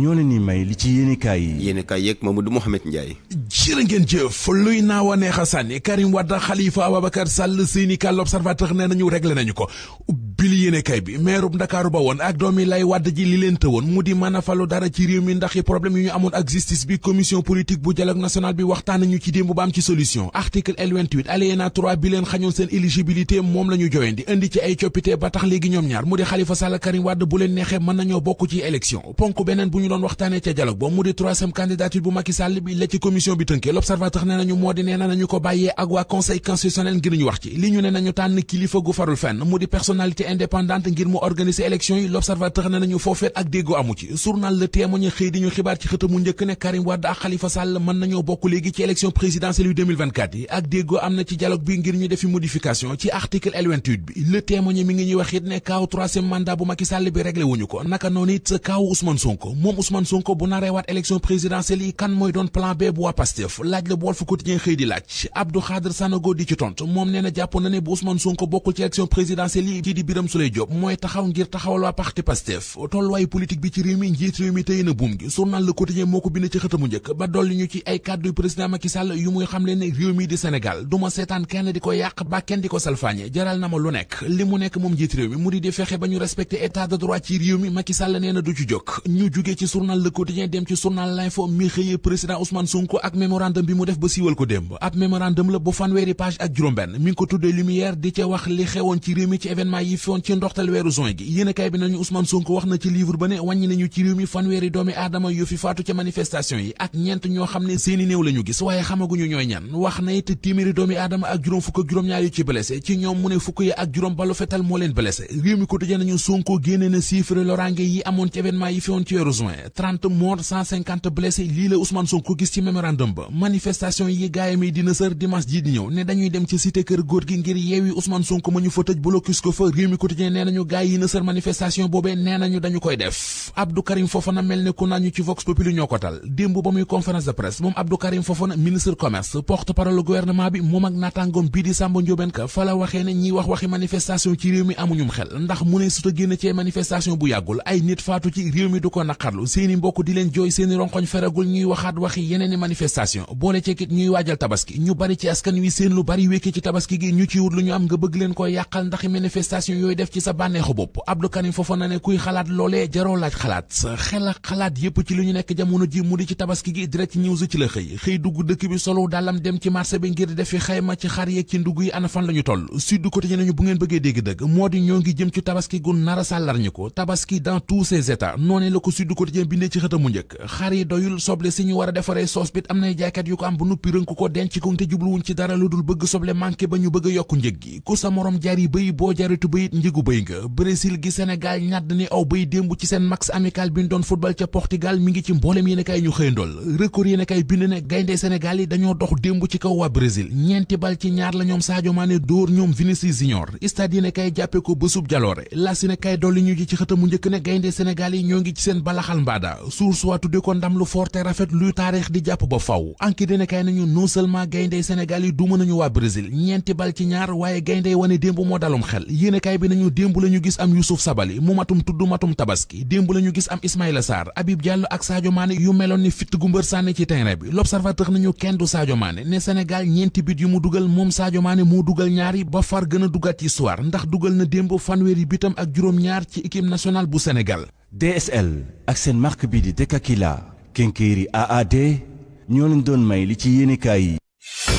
ñoo leen ni may li ci yéenekaay yi yéenekaay yeeg Mamadou Mouhamed Ndiaye jërë ngeen jëf luy naaw a neex a sànni Karim Wade Khalifa Ababacar Sall seeni kàll L'Observateur nee nañu réglé nañu ko pili yéene kay bi meerub ndakaaru ba woon ak doomi lay wadd ji li leen tëwoon mu di mën a falu dara ci réew mi ndax yi problème yu ñu amoon ak justice bi commission politique bu dialogue national bi waxtaan nañu ci démb ba am ci solution article L28 alinéa 3 bi leen xañoon seen éligibilité moom la ñu joyandi indi ci ay coppite ba tax léegi ñoom ñaar mu di Khalifa Sall Karim Wade bu leen neexee mën nañoo bokk ci élection ponk beneen bu ñu doon waxtaanee na nañu ko bàyyee ak waa conseil constitutionnel ngir ñu wax ci indépendante ngir mu organiser élection yi l'observateur ne nañu foofeet ak déggoo amu ci journal Le Témoin xëy di ñu xibaar ci xëtamu njëkk ne Karim Wade ak Khalifa Sall mën nañoo bokk léegi ci élection présidentielle yu yi ak déggoo am na ci dialogue bi ngir ñu defi modification ci article l bi Le Témoin mi ngi ñuy wax ne kaaw troisième mandat bu Macky Sall bi réglé wuñu ko naka noonu yi kan mooy doon plan B moom nee na jàpp bu Birame mooy taxaw ngir taxawal waa parti Pastef tolluwaayu politique bi ci réew mi njiit réew mi tey na buum gi journal Le Quotidien moo ko bind ci xëtamu mi di Sénégal du du ci jóg ñu jugee ci journal Le Quotidien dem ci journal L'Info mi xëyee président Ousmane Sonko ak mémorandum bi mu def ba siiwal ko démb ab mémorandum la bu fanweeri page ak juróom-benn mi ko tuddee lumière di ca wax li xewoon ci réew mi ci événement yi woon wax na ci livre ba ne wàññi nañu ci réew mi fanweeri doomi aadama yu fi faatu ca manifestation yi ak ñeent ñoo xam ne seeni néew la gis ci ñëw ne dañuy dem ci cité kër góor gi ngir yeewi Ousmane Sonko ma ñu fa tëj blocus ko fa réew mi Quotidien nee nañu gaay yi na seen boobee nee nañu dañu koy def Abdou Karim Fofana mel ni ku nañu ci Vox Populi ñoo ko tal démb ba muy conférence de presse moom Abdou Karim Fofana ministre commerce porte-parole gouvernement bi moom ak naataangoom bii di Samba Ndiobène Ka fa waxee ne ñiy wax waxi manifestation ci réew mi amuñum xel ndax mu ne suta génn ci manifestation bu yàggul ay nit faatu ci réew mi du ko naqarlu seeni mbokk di leen jooy yooyu def ci sa bànneexu bopp Abdou Karim Fofana ne kuy xalaat loolee jaroo laaj xalaat xel xalaat yépp ci li ñu nekk jamono ji mu di ci tabaski gi ñëw news ci la xëy xëy dugg dëkk bi solo dalam dem ci marché bi ngir defi xayma ci xar yeeg ci ndugg yi ana fan la ñu toll Sud Quotidien nañu bu ngeen bëggee dégg dëgg moo di ñoo ngi jëm ci tabaski gu nara sàllar ñu ko tabaski dans tous ses états noonee la ko Sud Quotidien bindee ci xët mu njëkk xar yi doyul soble si ñu war a defaree am nay jaaykat yu ko am bu nuppi rënk ko denc ko te jubluwuñ ci dara lu dul bëgg soble manqué ba ñu bëgg a yokk gi ku sa morom njëgu béy nga Brésil gi Sénégal ñàdd ni aw bay démb ci seen max amical bi ñu doon football ca Portugal mi ngi ci mbooleem yéen a kaay ñu xëyandool record yéen a kaay bind ne gaynde Sénégal yi dañoo dox démb ci kaw waa Brésil ñeenti bal ci ñaar la ñoom Sadio Mané dóor ñoom Vinicius Junior stade yéen a kaay jàppe ko bésub jaloore las yéen a dolli ñu ji ci xëtamu njëkk ne gaynde Sénégal yi ñoo ngi ci seen balaxal mbaada source waa tudde ko ndam lu forte rafet luy taarix di jàpp ba faw enquête yéen a kaay nañu non seulement gaynde Sénégal yi duma nañu waa Brésil ñeenti bal ci waaye gaynde wane démb moo dalum xel yéen a kaay bi nañu démb la ñu gis am Youssouf Sabali mu matum tudd matum tabaski démb la ñu gis am Ismaïla saar Habib Diallo ak Sadio Mané yu meloon ni fitt gu mbër sànni ci terrain bi l'observateur nañu kenn du Sadio Mané ne Sénégal ñeenti bit yu mu dugal moom Sadio Mané moo dugal ñaari ba far gën a dugaat ci soir ndax dugal na démb fanweeri bitam ak juróom-ñaar ci équipe nationale bu senegal DSL ak seen marque bi di Dekakila Kenkeyri AAD ñoo leen doon may li ci yéenekaay yi